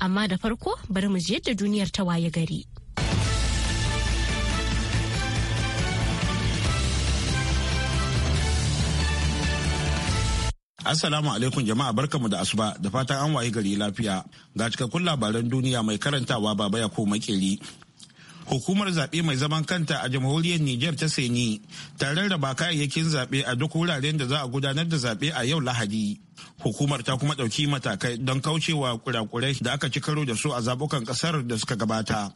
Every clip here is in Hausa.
amma da farko bari mu je yadda duniyar ta waye gari. Assalamu alaikum jama'a barkamu da asuba da fatan an waye gari lafiya ga cikakkun labaran duniya mai karantawa baba ya ko makeri. hukumar zaɓe mai zaman kanta a jamhuriyar Nijar ta Seni ta rarraba kayayyakin zaɓe a duk wuraren da za a gudanar da zaɓe a yau Lahadi. Hukumar ta kuma ɗauki matakai don kaucewa kurakurai da aka ci karo da su a zabukan ƙasar da suka gabata.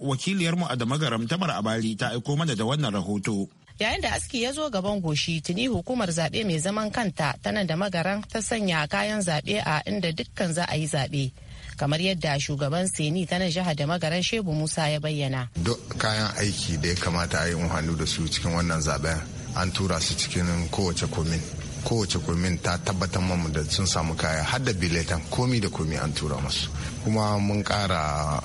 Wakiliyarmu a Damagaram Tamar Abali ta aiko mana da wannan rahoto. yayin da aski ya zo gaban goshi tuni hukumar zaɓe mai zaman kanta tana da magaran ta sanya kayan zaɓe a inda dukkan za a yi zaɓe kamar yadda shugaban seni ta nan jihar da magaran shebu musa ya bayyana duk kayan aiki da ya kamata a yi hannu da su cikin wannan zaben an tura su cikin kowace komin kowace komin ta tabbatar mamu da sun samu kaya har da biletan komi da komi an tura masu kuma mun kara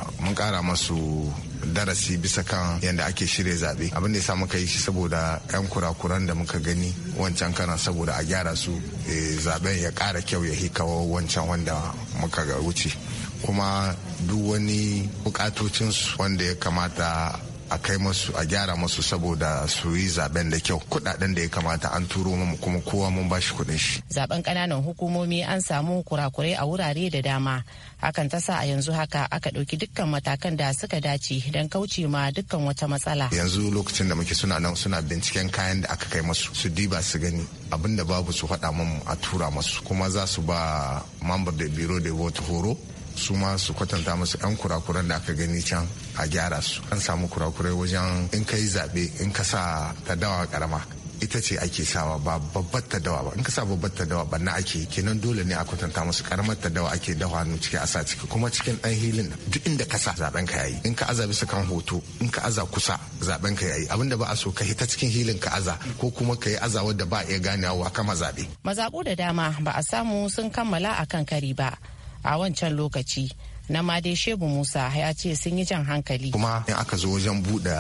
masu darasi bisa kan yadda ake shirya zaɓe abin da ya samu muka yi shi saboda 'yan kurakuran da muka gani wancan kana saboda a gyara su eh, zaben ya ƙara kyau ya hikawa wancan wanda muka ga wuce kuma duk wani bukatocinsu wanda ya kamata a kai masu a gyara masu saboda su yi zaben da kyau kudaden da ya kamata an turo mu kuma kowa mun bashi kudin shi zaben kananan hukumomi an samu kurakurai a wurare da dama hakan ta sa a yanzu haka aka ɗauki dukkan matakan da suka dace don kauce ma dukkan wata matsala yanzu lokacin da muke suna nan suna binciken kayan da aka kai masu su diba su gani abinda babu su faɗa mu a tura masu kuma za su ba mambar da biro da vote horo su ma su kwatanta musu 'yan kurakuran da aka gani can a gyara su an samu kurakurai wajen in ka yi zaɓe in ka sa ta dawa karama ita ce ake sawa ba babbar ta dawa ba in ka sa babbar ta dawa ba na ake kenan dole ne a kwatanta musu karamar ta dawa ake dawa hannu ciki a sa ciki kuma cikin dan hilin duk inda ka sa zaben ka yayi in ka aza bisa kan hoto in ka aza kusa zaben ka yayi abinda ba a so ka hita cikin hilin ka aza ko kuma ka yi azawar da ba iya ganewa kama zabe mazabu da dama ba a samu sun kammala akan kari ba a wancan lokaci na ma dai shebu musa ya ce sun yi jan hankali kuma in aka zo wajen buɗe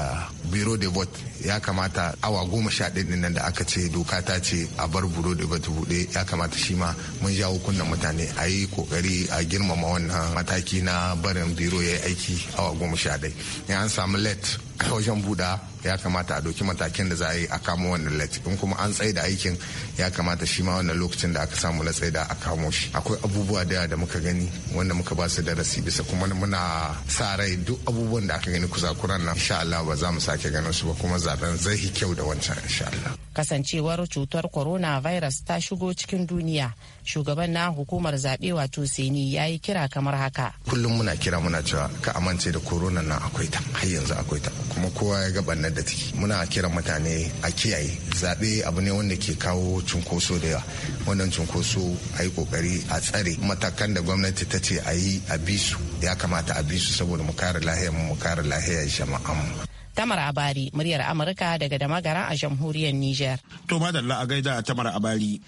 biro de vote ya kamata awa goma sha ɗaya nan da aka ce doka ta ce a bar biro de vote buɗe ya kamata shi ma mun jawo hukunan mutane a yi kokari a girmama wannan mataki na barin biro ya yi aiki awa goma sha ɗaya in an samu let wajen buɗa ya kamata a doki matakin da za a yi a kamo wannan lati in kuma an tsaida aikin ya kamata shi ma wannan lokacin da aka samu na tsaida a kamo shi akwai abubuwa da da muka gani wanda muka ba su darasi bisa kuma muna sa rai duk abubuwan da aka gani kuran nan insha Allah ba za mu sake ganin su ba kuma zaben zai kyau da wancan insha Allah kasancewar cutar virus ta shigo cikin duniya shugaban na hukumar zaɓe wato seni ya yi kira kamar haka kullum muna kira muna cewa ka amince da corona nan akwai ta har yanzu akwai ta kuma kowa ya ga bannar da take muna kira mutane a kiyaye zaɓe abu ne wanda ke kawo cunkoso da yawa wannan cunkoso a yi kokari a tsare matakan da gwamnati ta ce a yi a bisu ya kamata a bisu saboda mu kare lahiyar mu mu kare lahiyar jama'an mu. Tamar Abari, muryar Amurka daga Damagara a jamhuriyar Niger. To madalla a gaida Tamar Abari.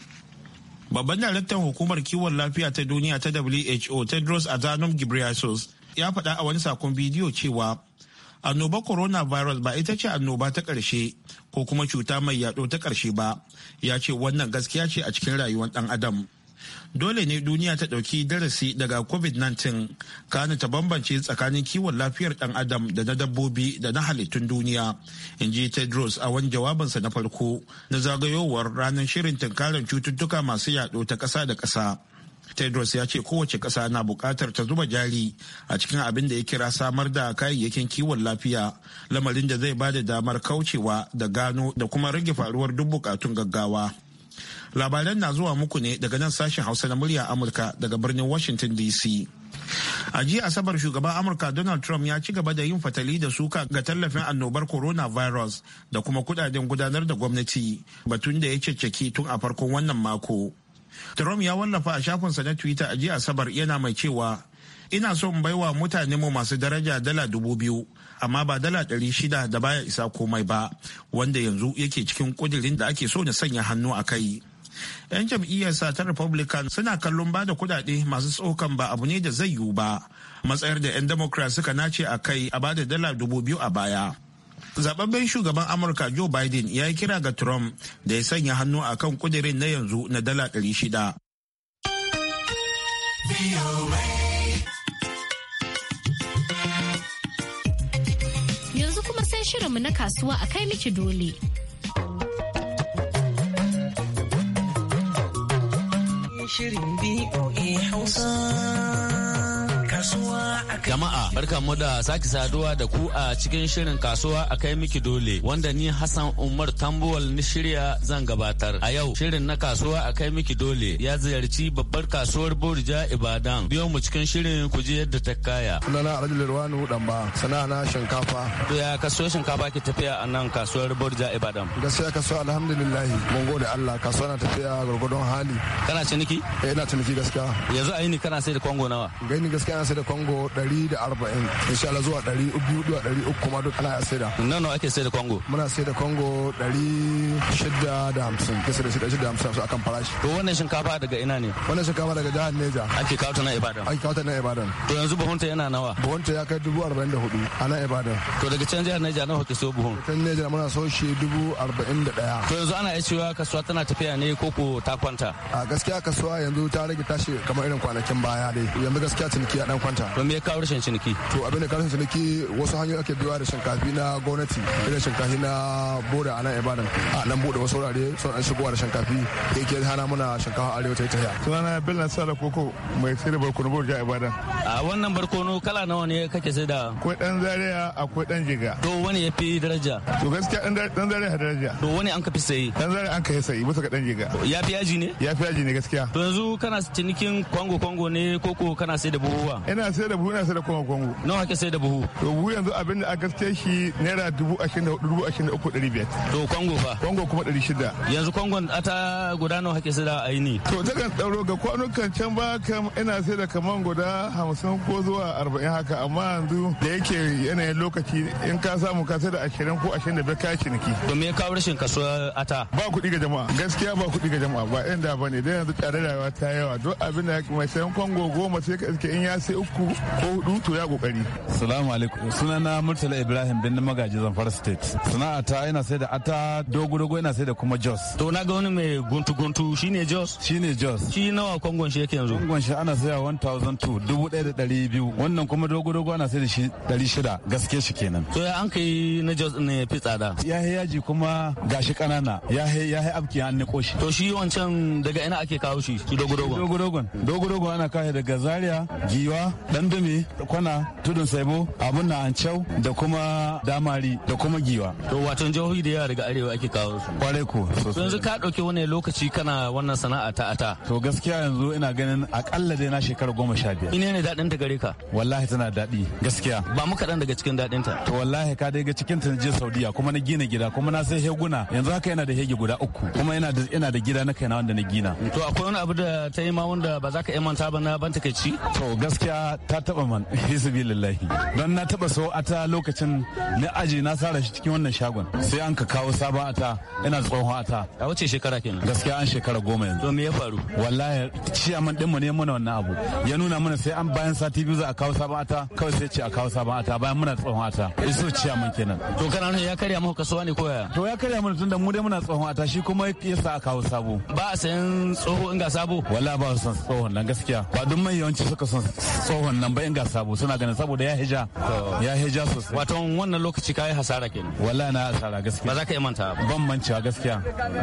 Babban daraktan hukumar kiwon lafiya ta duniya ta WHO Tedros Adhanom Ghebreyesus ya faɗa a wani sakon bidiyo cewa annoba coronavirus ba ita ce annoba ta ƙarshe ko kuma cuta mai yado ta ƙarshe ba ya ce wannan gaskiya ce a cikin rayuwar ɗan adam. dole ne duniya ta ɗauki darasi daga covid-19 kana ta bambance tsakanin kiwon lafiyar ɗan adam da na dabbobi da na halittun duniya in ji tedros a wani jawabinsa na farko na zagayowar ranar shirin tunkarar cututtuka masu yaɗo ta ƙasa da ƙasa tedros ya ce kowace ƙasa na buƙatar ta zuba jari a cikin abin da ya kira samar da kayayyakin kiwon lafiya lamarin da zai ba da damar kaucewa da gano da kuma rage faruwar duk bukatun gaggawa labaran na zuwa muku ne daga nan sashen hausa na murya amurka daga birnin washington dc a jiya asabar shugaban amurka donald trump ya ci gaba da yin fatali da suka ga tallafin annobar Corona Virus da kuma kudaden gudanar da gwamnati batun da ya cecceki tun a farkon wannan mako trump ya wallafa a shafinsa na twitter a jiya asabar yana mai cewa ina son baiwa mutane mu masu daraja dala dubu biyu amma ba dala ɗari shida da baya isa komai ba wanda yanzu yake cikin kudirin da ake so na sanya hannu a kai 'yan jam'iyyar sa ta republican suna kallon ba da kudade masu tsokan ba abu ne da zai yiwu ba matsayar da 'yan democrat suka nace a kai a ba da dala dubu biyu a baya zababben shugaban amurka joe biden ya yi kira ga trump da ya sanya hannu a kan kudirin na yanzu na dala ɗari shida. shirinmu na kasuwa a kai miki dole. Shirin BOA Hausa. kasuwa Jama'a barka mu da saki saduwa da ku a cikin shirin kasuwa a kai miki dole wanda ni Hassan Umar Tambuwal ni shirya zan gabatar. A yau shirin na kasuwa a kai miki dole ya ziyarci babbar kasuwar Borja Ibadan. Biyo mu cikin shirin ku je yadda ta kaya. Sunana Alhaji dan ba sana'a na shinkafa. To ya kasuwar shinkafa ke tafiya a nan kasuwar Borja Ibadan. Gaskiya kasuwa alhamdulillah mun gode Allah kasuwa na tafiya gwargwadon hali. Kana ciniki? Eh ina ciniki gaskiya. Yanzu a yi ni kana sai da kongo nawa? Gani gaskiya sai da kongo 140 insha Allah zuwa 200 zuwa 300 kuma duk ana sai da nan nawa ake sai da kongo muna sai da kongo 650 kisa da 650 akan farashi to wannan shinkafa daga ina ne wannan shinkafa daga jihar Neja ake kawo ta na Ibadan ake kawo ta na Ibadan to yanzu buhunta yana nawa buhunta ya kai 44 a na Ibadan to daga can jihar Neja nawa ke so buhun can Neja muna so shi 41 to yanzu ana iya cewa kasuwa tana tafiya ne ko ko ta kwanta a gaskiya kasuwa yanzu ta rage tashi kamar irin kwanakin baya dai yanzu gaskiya ciniki ya dan kan kwanta to me ya kawo rashin ciniki to abin da kawo rashin ciniki wasu hanyoyi ake biyuwa da shinkafi na gwamnati irin shinkafi na boda a nan ibadan a nan bude wasu wurare sun an shigowa da shinkafi da yake hana muna shinkafa arewa ta yi tahiya sunana bello sala koko mai sai da barkono boda a ibadan a wannan barkono kala nawa ne kake sai da akwai dan zaria akwai dan jiga to wani ya fi daraja to gaskiya dan zaria daraja to wani an ka fi sayi dan zaria an ka fi sayi bisa ga dan jiga ya fi yaji ne ya fi yaji ne gaskiya to yanzu kana cinikin kwango kwango ne koko kana sai da buhuwa ina sai da buhu ina sai da kuma kwango nawa ake sai da buhu to buhu yanzu abin da aka sai shi naira dubu ashirin da dubu ashirin da uku ɗari biyar to kwango fa kwango kuma ɗari shida yanzu a ata guda nawa ake sai da aini to ta kan ɗauro ga kwanukan can ba kam ina sai da kaman guda hamsin ko zuwa arba'in haka amma yanzu da yake yanayin lokaci in ka samu ka sai da ashirin ko ashirin da biyar ka ciniki to me ya kawo rashin kaso ata ba kuɗi ga jama'a gaskiya ba kuɗi ga jama'a ba inda ba ne da yanzu tsare rayuwa ta yawa duk abin da kuma sayan kwango goma sai ka iske in ya sai uku ko hudu to ya kokari salamu alaikum sunana murtala ibrahim bin magaji zamfara state a ta ina sai da ata dogo dogo ina sai da kuma jos to na ga wani mai guntu guntu shine jos shine jos shi nawa kongon shi yake yanzu kongon shi ana sai 1002 dubu ɗaya da ɗari biyu wannan kuma dogo dogo ana sai da shi ɗari shida gaske shi kenan to ya an kai na jos ne fi tsada ya yaji kuma gashi ƙanana. ya he ya he abki an niko shi to shi wancan daga ina ake kawo shi dogo dogon dogo dogon dogo dogon ana kawo daga zaria giwa kuma dandumi kwana tudun saibo abun na ancau da kuma damari da kuma giwa to wato jihohi da yawa daga arewa ake kawo su kwarai Sosai yanzu ka dauki wani lokaci kana wannan sana'a ta ata to gaskiya yanzu ina ganin akalla dai na shekara goma sha biyar ina ne daɗin ta gare ka wallahi tana daɗi gaskiya ba mu kaɗan daga cikin daɗin ta to wallahi ka daga cikin ta je saudiya kuma na gina gida kuma na sai heguna yanzu haka yana da hege guda uku kuma yana da ina da gida na kaina wanda na gina to akwai wani abu da ta yi ma wanda ba za ka iya manta ba na ban takaici to gaskiya ta taba man lillahi don na taba so ata lokacin na aji na sara shi cikin wannan shagon sai an ka kawo sabon ata ina tsohon ata a wace shekara nan. gaskiya an shekara goma yanzu to me ya faru wallahi ciyaman din mu ne muna wannan abu ya nuna mana sai an bayan sati biyu za a kawo sabon ata kawai sai ce a kawo sabon ata bayan muna tsohon ata iso ciyaman kenan to kana nuna ya karya muku kasuwa ne koya to ya karya mana tunda mu dai muna tsohon ata shi kuma ya sa a kawo sabo ba a sayan tsoho in ga sabo wallahi ba su san tsohon nan gaskiya ba duk mai yawanci suka san tsohon nan bayan in ga sabo suna ganin saboda ya hija ya hija sosai wato wannan lokaci kai hasara kenan wallahi na hasara gaskiya ba za ka manta ba ban mancewa gaskiya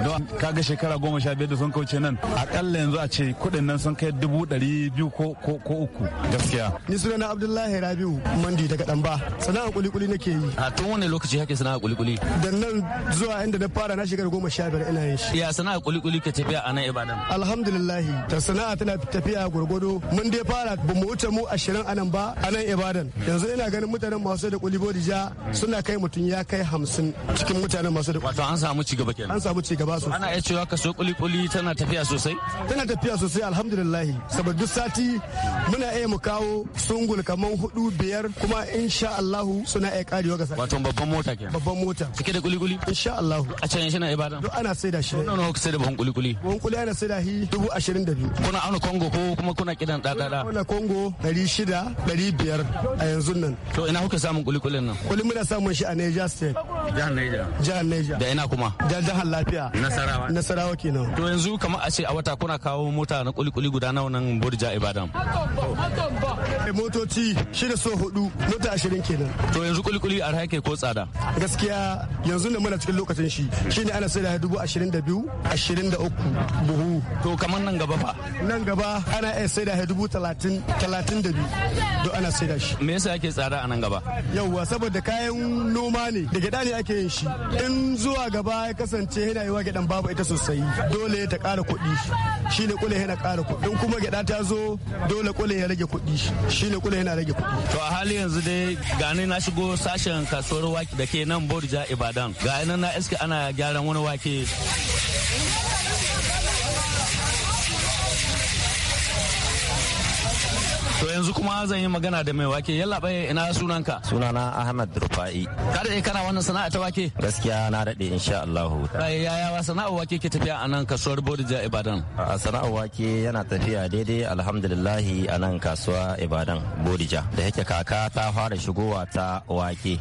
don kaga shekara goma sha biyar da sun kauce nan akalla yanzu a ce kudin nan sun kai dubu dari biyu ko ko uku gaskiya ni suna na abdullahi rabiu mandi daga damba ba sana'a kulikuli nake yi a tun wannan lokaci hake sana'a kulikuli da nan zuwa inda na fara na shekara goma sha biyar ina yin shi ya sana'a kulikuli ka tafiya a nan ibadan alhamdulillah ta sana'a tana tafiya gurgudu mun dai fara bamu wuce mu ashirin anan ba a nan ibadan yanzu ina ganin mutanen masu da kulibo ja suna kai mutum ya kai hamsin cikin mutanen masu da wato an samu cigaba kenan an samu cigaba sosai ana iya cewa kaso kulikuli tana tafiya sosai tana tafiya sosai alhamdulillah saboda duk sati muna iya mu kawo sungul kaman hudu biyar kuma insha Allah suna iya kare ga sati wato babban mota kenan babban mota cike da kulikuli insha Allah a can shi na ibadan duk ana saida shi nawa kuka saida buhun kulikuli babban kulikuli ana da shi dubu da kuna auna kongo ko kuma kuna kidan dadada kuna kongo Dari shida dari biyar a yanzu nan. To ina kuka samun kulikulin nan? Kuli muna samun shi a Niger State. Jihar Niger. Jihar Niger. Da ina kuma? Da jihar lafiya. Nasarawa. Nasarawa kenan. To yanzu kamar a ce a wata kuna kawo mota na kulikuli guda nawa nan Burja Ibadan. Eh, motoci shida so hudu mota ashirin kenan. To yanzu kulikuli a rake ko tsada? Gaskiya yanzu da muna cikin lokacin shi shine ana sayar da dubu ashirin da biyu ashirin da uku buhu. To kamar nan gaba fa? Nan gaba ana iya sayar da dubu talatin talatin talatin da biyu don ana sai da shi me yasa ake tsada a nan gaba yauwa saboda kayan noma ne da gyaɗa ne ake yin shi in zuwa gaba ya kasance yana yiwa gyaɗan babu ita sosai dole ta ƙara kuɗi shi ne kule yana ƙara kuɗi in kuma gyaɗa ta zo dole kule ya rage kuɗi shi ne kule yana rage kuɗi to a hali yanzu dai gani na shigo sashen kasuwar wake da ke nan borja ibadan ga nan na iska ana gyaran wani wake To yanzu kuma zan yi magana da mai wake yalla bai ina sunanka. Sunana Ahmad Rufa'i. Ka daɗe kana wannan sana'a ta wake? Gaskiya na daɗe insha Allah. Yaya wa sana'ar wake ke tafiya anan kasuwar Bodija Ibadan? A sana'ar wake yana tafiya daidai alhamdulillahi anan nan kasuwa Ibadan Bodija. Da yake kaka ta fara shigowa ta wake.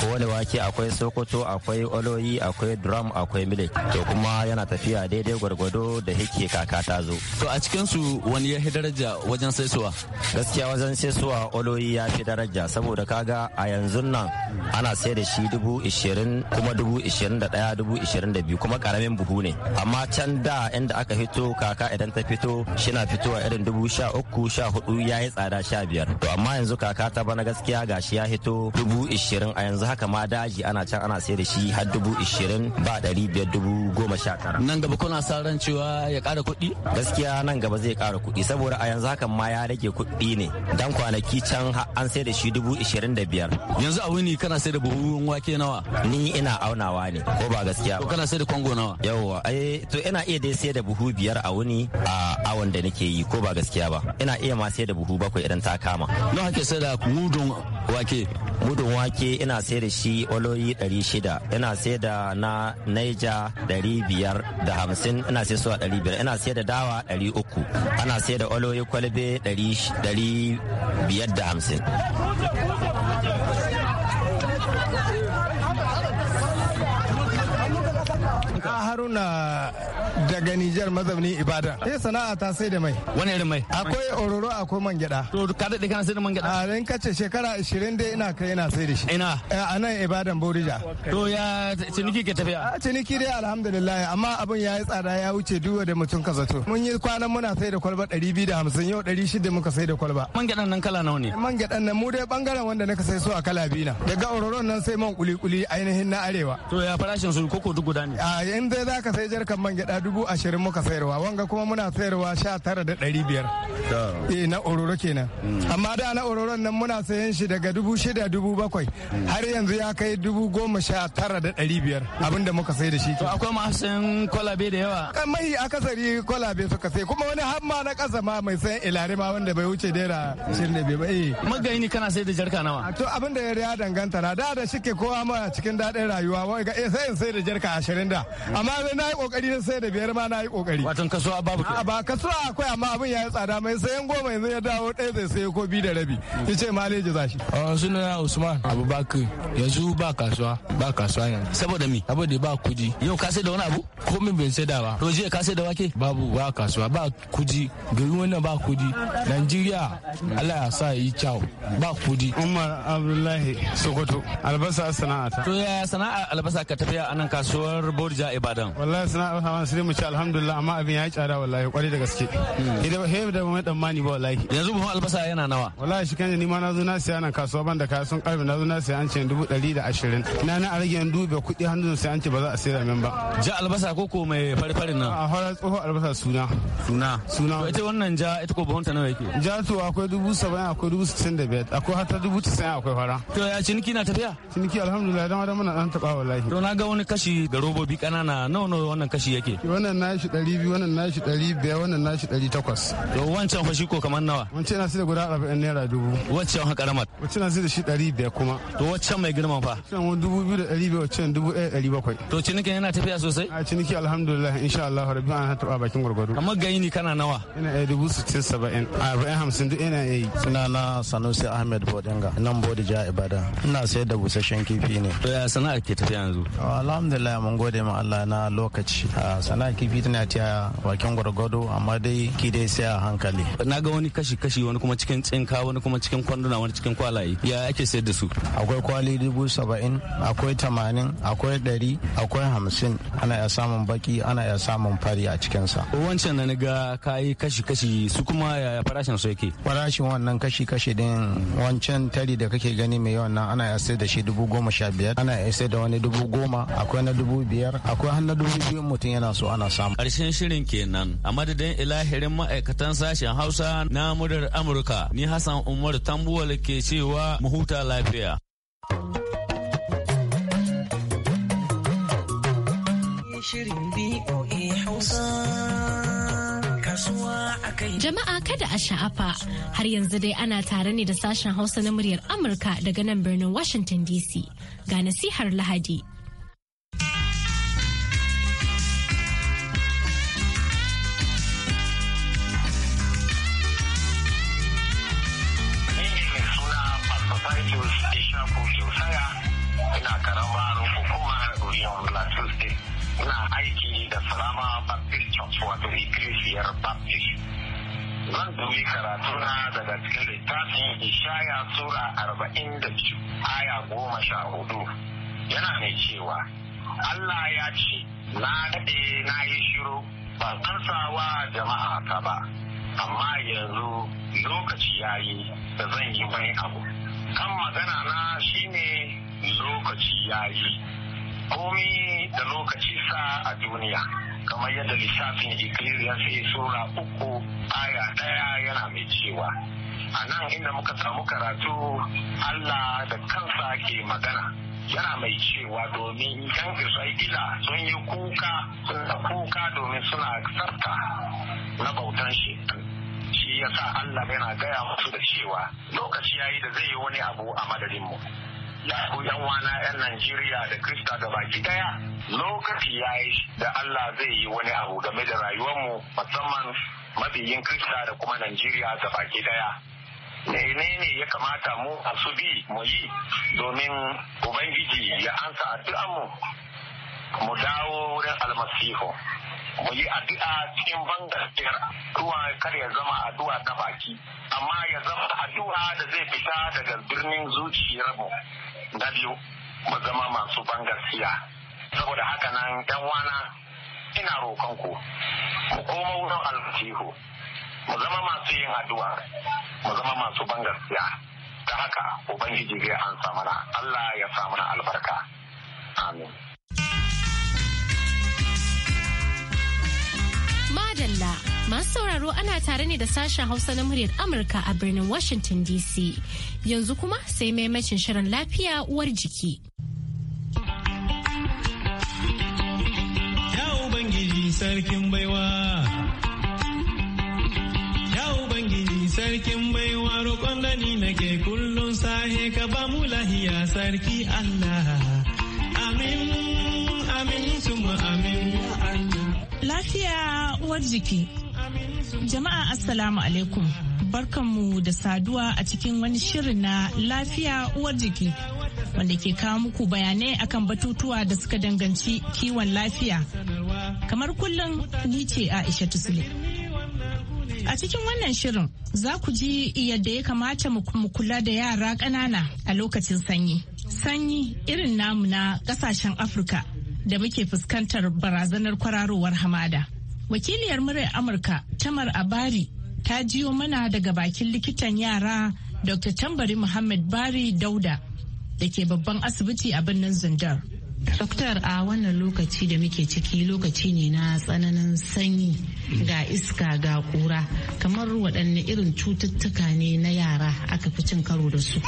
Kowane wake akwai sokoto akwai oloyi akwai drum akwai milik. To kuma yana tafiya daidai gwargwado da yake kaka ta zo. To a cikinsu wani ya daraja wajen saisuwa? gaskiya wajen sai suwa oloyi ya fi daraja saboda kaga a yanzu nan ana sai da shi dubu ishirin kuma dubu ishirin da daya dubu ishirin da biyu kuma karamin buhu ne amma can da inda aka fito kaka idan ta fito shina fitowa irin dubu sha uku sha hudu ya yi tsada sha biyar to amma yanzu kaka ta bana gaskiya gashi ya fito dubu ishirin a yanzu haka ma daji ana can ana sai da shi har dubu ishirin ba dari biyar dubu goma sha tara nan gaba kuna sa ran cewa ya kara kuɗi gaskiya nan gaba zai kara kuɗi saboda a yanzu hakan ma ya rage kuɗi ne dan kwanaki can an sai da shi dubu ishirin da biyar yanzu a wuni kana sai da buhun wake nawa ni ina aunawa ne ko ba gaskiya ko kana sai da kwango nawa yawwa eh to ina iya dai sai da buhu biyar a wuni a awon da nake yi ko ba gaskiya ba ina iya ma sai da buhu bakwai idan ta kama nawa hake sai da mudun wake mudun wake ina sai da shi oloyi ɗari shida ina sai da na naija ɗari biyar da hamsin ana sai suwa ɗari biyar ina sai da dawa ɗari uku ana sai da oloyi kwalbe ɗari biyar da hamsin haruna daga Nijar mazauni Ibadan. Eh sana'a ta sai da mai. Wani irin mai? Akwai ororo akwai man gyada. To ka daɗe kana sai da man gyada? A ran kace shekara 20 dai ina kai ina sai da shi. Ina. Eh, a nan Ibadan Borija. To ya ciniki ke tafiya? A ciniki dai alhamdulillah amma abin ya yi tsada ya wuce duwa da mutum ka zato. Mun yi kwanan muna sai da kwalba 250 yau 600 muka sai da kwalba. Man gyadan nan kala nawa ne? Man gyadan nan mu dai bangaren wanda naka sai su a kala biyu na. Daga ororon nan sai man kuli-kuli ainihin na arewa. To ya farashin su koko duk guda ne? A yanzu za ka sai jarkan man gyada dubu ashirin muka sayarwa wanga kuma muna sayarwa sha tara da ɗari biyar eh, na ororo kenan hmm. amma da na ororon nan muna sayan shi daga dubu shida dubu bakwai hmm. har yanzu ya kai dubu goma sha tara da ɗari biyar abinda muka sai da shi to akwai masu sayan kwalabe da yawa eh, mai akasari kwalabe suka sai kuma wani hamma na ƙasa ma mai sayan ilare ma wanda bai wuce dera shirin da bai eh. magayi ne kana sai da jarka nawa to abinda ya danganta na da da shike kowa ma cikin daɗin rayuwa wai ga sai in sai da jarka ashirin da hmm. amma na yi ƙoƙari sai da biyar ma na yi kokari watan kasuwa babu kai ba kasuwa akwai amma abin ya yi tsada mai sayan goma yanzu ya dawo ɗaya zai sayo ko biyu da rabi ya ce maleji za shi suna usman abubakar yanzu ba kasuwa ba kasuwa yanzu saboda mi saboda ba kuji yau ka sai da wani abu ko min bai sai da ba to jiya ka sai da wake babu ba kasuwa ba kuji garin wannan ba kuji Nigeria allah ya sa yi kyau ba kuji umar abdullahi sokoto albasa ta. to ya sana'a albasa ka tafiya anan kasuwar borja ibadan wallahi sana'ar hamsin sai mu ci alhamdulillah amma abin ya yi tsada wallahi kwarai da gaske idan he da mai tsammani ba wallahi yanzu buhun albasa yana nawa wallahi shi kanje ni ma na zo na siya nan kasuwa ban da kaya sun karfe na zo na siya an ce dubu ɗari da ashirin na na rage yan dube kuɗi hannun sai an ce ba za a sayar min ba ja albasa ko ko mai farfarin nan a fara tsoho albasa suna suna suna ita wannan ja ita ko buhun ta nawa yake ja to akwai dubu saba'in akwai dubu sittin da biyar akwai har ta dubu tisa'in akwai fara to ya ciniki na tafiya ciniki alhamdulillah dama dama na dan taɓa wallahi to na ga wani kashi da robobi ƙanana nawa nawa wannan kashi yake wannan nashi ɗari biyu wannan nashi ɗari biyar wannan nashi ɗari takwas. to wancan fa shi ko kamar nawa. wancan na sai da guda arba'in naira dubu. wancan fa karamar. wancan na sai da shi ɗari biyar kuma. to wancan mai girman fa. wancan wani dubu biyu da ɗari biyar wancan dubu ɗaya ɗari bakwai. to cinikin yana tafiya sosai. a ciniki alhamdulillah insha Allah rabbi an taɓa bakin gwargwado. amma gayi ni kana nawa. ina ɗaya dubu sittin saba'in arba'in hamsin duk ina yi. suna na sanusi ahmed bodinga nan bodi bodija ibadan ina sayar da busasshen kifi ne. to ya sana'ar ke tafiya yanzu. alhamdulillah mun gode ma Allah na lokaci. Ah, wallahi kifi tana ta bakin gwargwado amma dai ki dai sai a hankali na ga wani kashi kashi wani kuma cikin tsinka wani kuma cikin kwanduna wani cikin kwalaye ya ake sayar da su akwai kwali dubu saba'in akwai tamanin akwai ɗari akwai hamsin ana iya samun baki ana iya samun fari a cikinsa wancan na ga yi kashi kashi su kuma ya farashin su yake farashin wannan kashi kashi din wancan tari da kake gani mai yawan nan ana iya sayar da shi dubu goma sha biyar ana iya sayar da wani dubu goma akwai na dubu biyar akwai har na dubu biyu mutum yana so ana samu. Karshen shirin kenan a madadin ilahirin ma'aikatan sashen Hausa na murar Amurka ni Hassan Umar Tambuwal ke cewa mu lafiya. Jama'a kada a sha'afa har yanzu dai ana tare ne da sashen Hausa na muryar Amurka daga nan birnin Washington DC ga nasihar Lahadi. ina aiki da salama baptist church wato ikilisiyar baptist zan dubi karatuna daga cikin littafin ishaya sura arba'in da biyu aya goma sha hudu yana mai cewa allah ya ce na daɗe na yi shiru ba wa jama'a ta ba amma yanzu lokaci ya yi da zan yi wani abu kan magana na shine lokaci ya yi komi da lokaci sa a duniya kamar yadda lissafin sai sura uku aya daya yana mai cewa a nan inda muka samu karatu allah da kansa ke magana yana mai cewa domin yan isra'ila sun yi kuka suna kuka domin suna sarta na bautan shi shi yasa allah yana gaya musu da cewa lokaci yayi da zai yi wani abu a madadinmu ya yan wana yan Najeriya da Krista da baki daya lokaci ya yi da Allah zai yi wani abu game da rayuwar mu musamman mabiyin Krista da kuma Najeriya da baki daya menene ya kamata mu a su bi mu yi domin ubangiji ya ansa addu'anmu mu dawo wurin almasihu mu yi addu'a cikin bangaskiyar ruwa kar ya zama addu'a ta baki amma ya zama addu'a da zai fita daga birnin zuciyarmu na biyu mu zama masu ban gaskiya saboda haka nan yan wana ina roƙon ku mu koma wurin aljihu mu zama masu yin addu'a mu zama masu ban gaskiya ta haka ubangiji zai an mana Allah ya sa mana albarka amin madalla Masu sauraro ana tare ne da sashen Hausa na muryar Amurka a birnin Washington DC. Yanzu kuma sai maimacin shirin lafiya uwar jiki. Ya Ubangiji sarkin baiwa. Ya Ubangiji sarkin baiwa roƙon gani nake kullum sahe ka ba mu lahiya sarki Allah. Amin, amin, suma amin. Lafiya uwar jiki. Jama'a Assalamu alaikum. Barkanmu da saduwa a cikin wani shirin na lafiya uwar jiki wanda ke kawo muku bayanai akan batutuwa da suka danganci kiwon lafiya. Kamar kullum ni ce Aisha Tusle. A cikin wannan shirin za ku ji yadda ya kamata mu kula da yara ƙanana a lokacin sanyi. Sanyi irin namu na ƙasashen Afirka da muke fuskantar barazanar kwararowar hamada. wakiliyar murar amurka tamar abari ta jiyo mana daga bakin likitan yara dr tambari muhammad bari dauda da ke babban asibiti a birnin zindar Doktor a wannan lokaci da muke ciki lokaci ne na tsananin sanyi ga iska ga kura kamar waɗanne irin cututtuka ne na yara aka fi cin karo da su.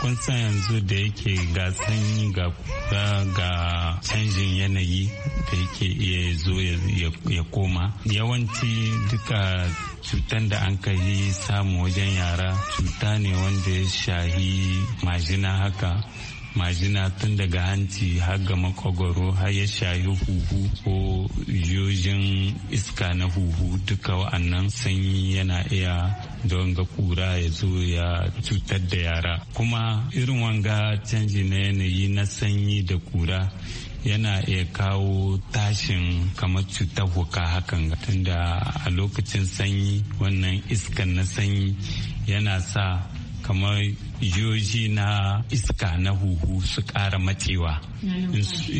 kun san yanzu da yake ga sanyi ga ga canjin yanayi da yake iya zo ya koma yawanci duka cutan da an ka yi samu wajen yara cuta ne wanda ya shahi majina haka majina tun daga hanci har ga makogoro har ya shayi huhu ko yojin iska na huhu duka wa'annan sanyi yana iya don ga kura ya zo ya cutar da yara kuma irin wanga canji na yanayi na sanyi da kura yana iya kawo tashin kamar cutar huka hakan tunda a lokacin sanyi wannan iskan na sanyi yana sa kamar yoji na iska na huhu su ƙara matsewa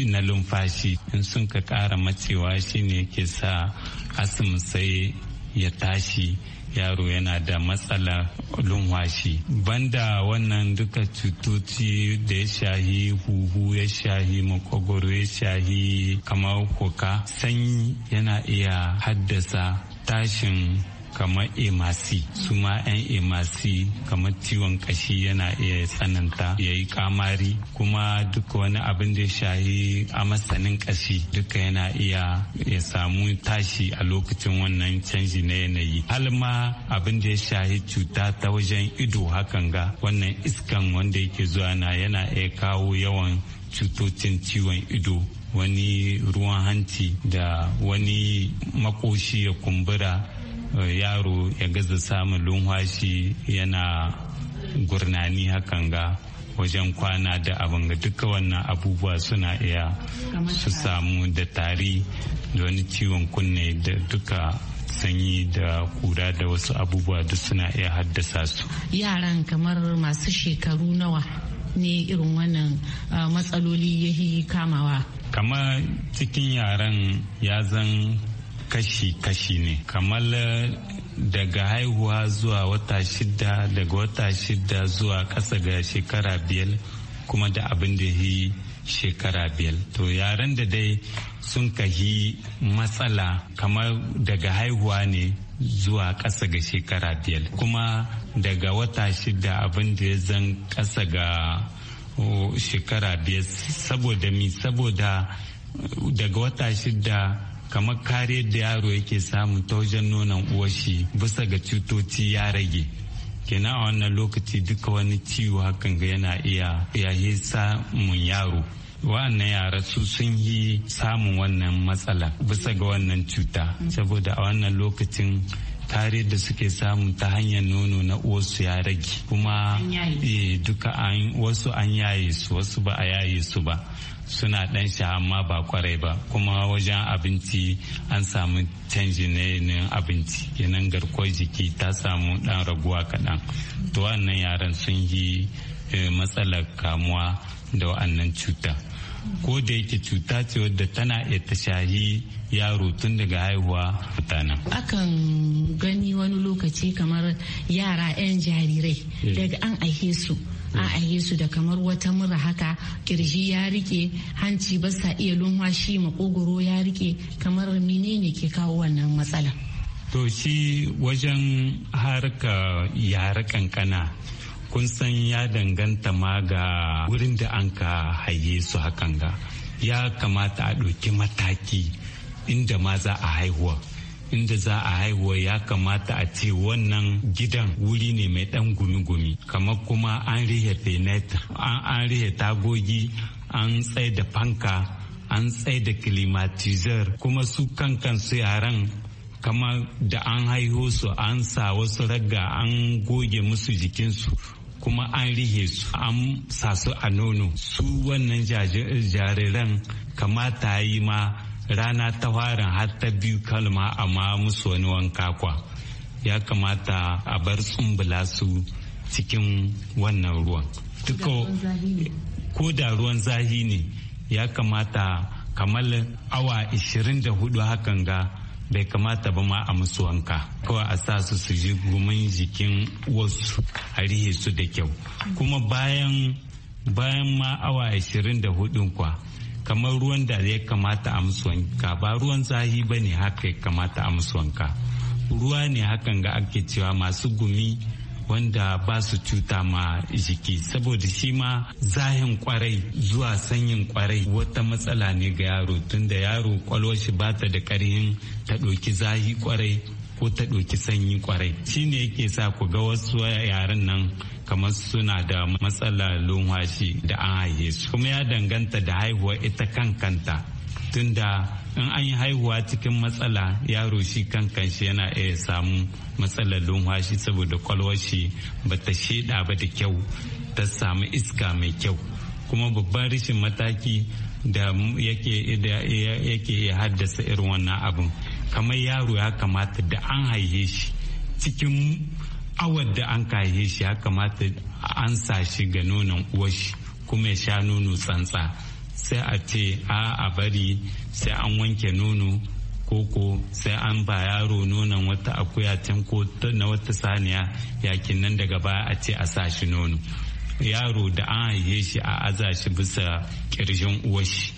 na lumfashi in sun ka ƙara matsewa shine ke sa asim sai ya tashi yaro yana da matsala lumwashi banda wannan duka cutoci da ya shahi huhu ya shahi makogoro ya shahi kamar koka sanyi yana iya haddasa tashin kamar emasi su ma 'yan emasi kamar ciwon kashi yana iya tsananta ya yi kamari kuma duk wani abin da ya shayi masanin kashi duka yana iya ya samu tashi a lokacin wannan canji na yanayi har ma abin da ya shayi cuta ta wajen ido hakan ga wannan iskan wanda yake zuwa na yana iya kawo yawan cutocin ciwon ido wani ruwan hanci da wani makoshi ya kumbura Eh, yaro ya gaza samun lunwashi yana gurnani hakan ga wajen kwana da abin ga duka wannan abubuwa suna iya su samu da tari da wani ciwon kunne da duka sanyi da kura da wasu abubuwa duk suna iya haddasa su yaran kamar masu shekaru nawa ne irin wannan eh, matsaloli ya kamawa kamar cikin yaran ya zan kashi-kashi ne kamar eh, daga haihuwa zuwa wata shida daga wata shida zuwa ƙasa ga shekara biyar kuma da abin da yi shekara biyar to yaren da dai sun kahi matsala kamar daga haihuwa ne zuwa ƙasa ga shekara biyar kuma daga wata shida abin da ya zan ƙasa ga shekara biyar saboda mi saboda eh, daga wata shida kamar kare da yaro yake samu ta wajen nonon uwashi bisa ga cutoci ya rage kenan a wannan lokaci duka wani ciwo hakan ga yana iya yahe samun yaro wannan yara su sun yi samun wannan matsala bisa ga wannan cuta saboda a wannan lokacin kare da suke samun ta hanyar nono na uwarsu ya rage kuma eh, duka wasu an yaye su wasu ba a yaye su ba suna ɗan sha amma ba kwarai ba kuma wajen abinci an samu canji na abinci kenan garkuwar jiki ta samu ɗan raguwa kaɗan to wannan yaran sun yi eh, matsalar kamuwa da wa'annan cuta ko da yake cuta ce wadda tana iya ta shahi yaro tun daga haihuwa mutanen. akan gani wani lokaci kamar yara 'yan jarirai eh. daga an aihe su ayesu aye su da kamar wata mura haka kirji ya rike hanci ba sa iya lumwashi makogoro ya rike kamar menene ke kawo wannan matsala to shi wajen harka yara kankana kun san ya danganta ma ga wurin da an ka haye su hakan ga ya kamata a ɗauki mataki inda ma za a haihuwa inda za a haihuwa ya kamata a ce wannan gidan wuri ne mai dan gumi-gumi kamar kuma an rihe fenet an rihe tagogi an tsaye da fanka an tsaye da climatizer kuma su kankan su yaran kama da an haihu su an sa wasu raga an goge musu jikinsu kuma an rihe su an sa su a nono su wannan jariran kamata yi ma rana ta farin har ta biyu kalma amma musu wani wanka kwa ya kamata a bar tsumbula su cikin wannan ruwan ko da ruwan zahi ne ya kamata kamar awa 24 hakan ga bai kamata ba ma a musu wanka kawai a sa su su ji gumin jikin wasu a su da kyau kuma bayan bayan ma awa 24 kwa kamar ruwan da ya kamata a musu wanka ba ruwan zahi ba ne haka ya kamata a musu wanka ruwa ne hakan ga ake cewa masu gumi wanda ba su cuta ma jiki saboda shi ma zahin kwarai zuwa sanyin kwarai wata matsala ne ga yaro tunda yaro kwalwashi ba ta da karhin ta ɗauki zahi kwarai ko ta ɗauki sanyi kwarai shi ne yake sa ku ga wasu yaren nan kamar suna da matsalar lunwashi da an haihe su kuma ya danganta da haihuwa ita kankanta tunda in an yi haihuwa cikin matsala yaro shi kankan shi yana iya samu matsalar lunwashi saboda kwalwar shi ba ta sheda ba da kyau ta samu iska mai kyau kuma babban rashin mataki da yake ya haddasa irin wannan abin kamar yaro ya kamata da an haihe shi cikin awar da an kaye shi ya kamata an sa shi ga nonon uwashi kuma ya sha nono tsantsa sai a ce a a bari sai an wanke nono koko sai an ba yaro nonon wata akuya can ko na wata saniya yakin nan daga baya a ce a sa shi nono yaro da an haihe shi a aza shi bisa kirjin uwashi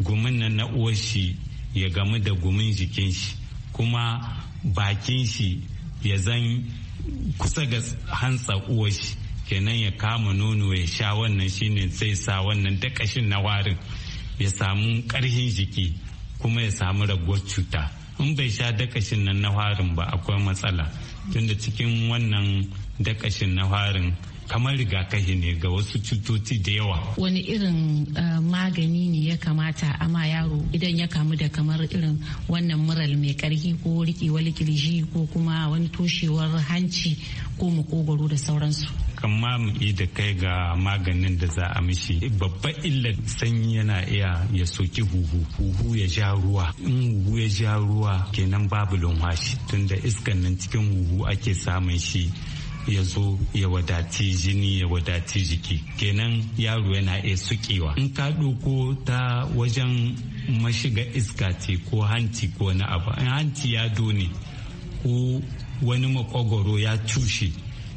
gumin nan na uwashi ya gamu da gumin jikin shi kuma bakin shi ya zan kusa ga hantsa Uwashi kenan ya kama nono ya sha wannan shine zai sa wannan dakashin na warin ya samu karhin jiki kuma ya samu raguwar cuta in bai sha dakashin nan na warin ba akwai matsala tunda cikin wannan dakashin na warin kamar rigakafi ne ga wasu cutoci da yawa. Wani irin eh, magani ne ya kamata ama yaro idan ya kamu da kamar irin wannan mural mai karfi ko rikewar kirji ko kuma wani toshewar hanci ko makogwaro da sauransu. kama mu yi da kai ga maganin da za a mishi babban illar sanyi yana iya ya soki huhu huhu ya ja ruwa in huhu ya ja ruwa kenan babu lumhashi tunda iskan nan cikin huhu ake samun shi ya zo ya wadati jini ya wadati jiki kenan yaro yana iya sukewa in ka ɗauko ta wajen mashiga iska ce ko hanci ko wani abu in hanci ya done ko wani makogoro ya cushe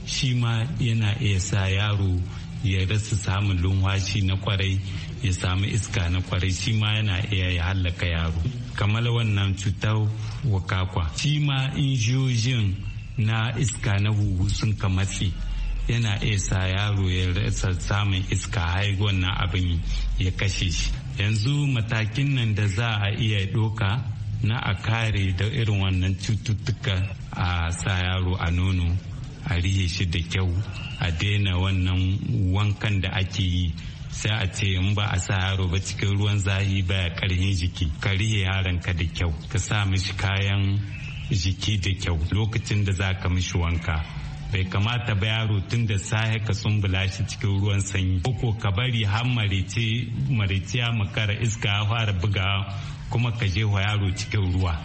shi ma yana iya sa yaro ya rasa samun lumwashi na kwarai ya samu iska na kwarai shi ma yana iya ya hallaka yaro kamar wannan cutar wakakwa shi ma injiyojin na iska na huhu sun ka matsi yana isa yaro ya rasa samun iska haihuwan na abin ya kashe shi yanzu matakin nan da za a iya doka na a kare da irin wannan cututtuka a sa yaro a nono a rihe shi da kyau a daina wannan wankan da ake yi sai a ce in ba a sa yaro ba cikin ruwan zahi baya karhin jiki ka rihe yaron ka da kyau ka sa mishi kayan jiki da kyau lokacin da za ka mishi wanka bai kamata ba yaro tun da sahe ka sumbula shi cikin ruwan sanyi ko ka bari har marice ya makara iska ya fara buga kuma ka je wa yaro cikin ruwa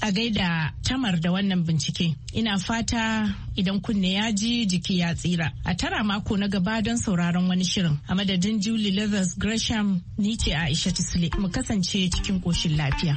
a gaida tamar da wannan bincike ina fata idan kunne ya ji jiki ya tsira a tara mako na gaba don sauraron wani shirin a madadin julie leathers gresham ni ce aisha tisle mu kasance cikin koshin lafiya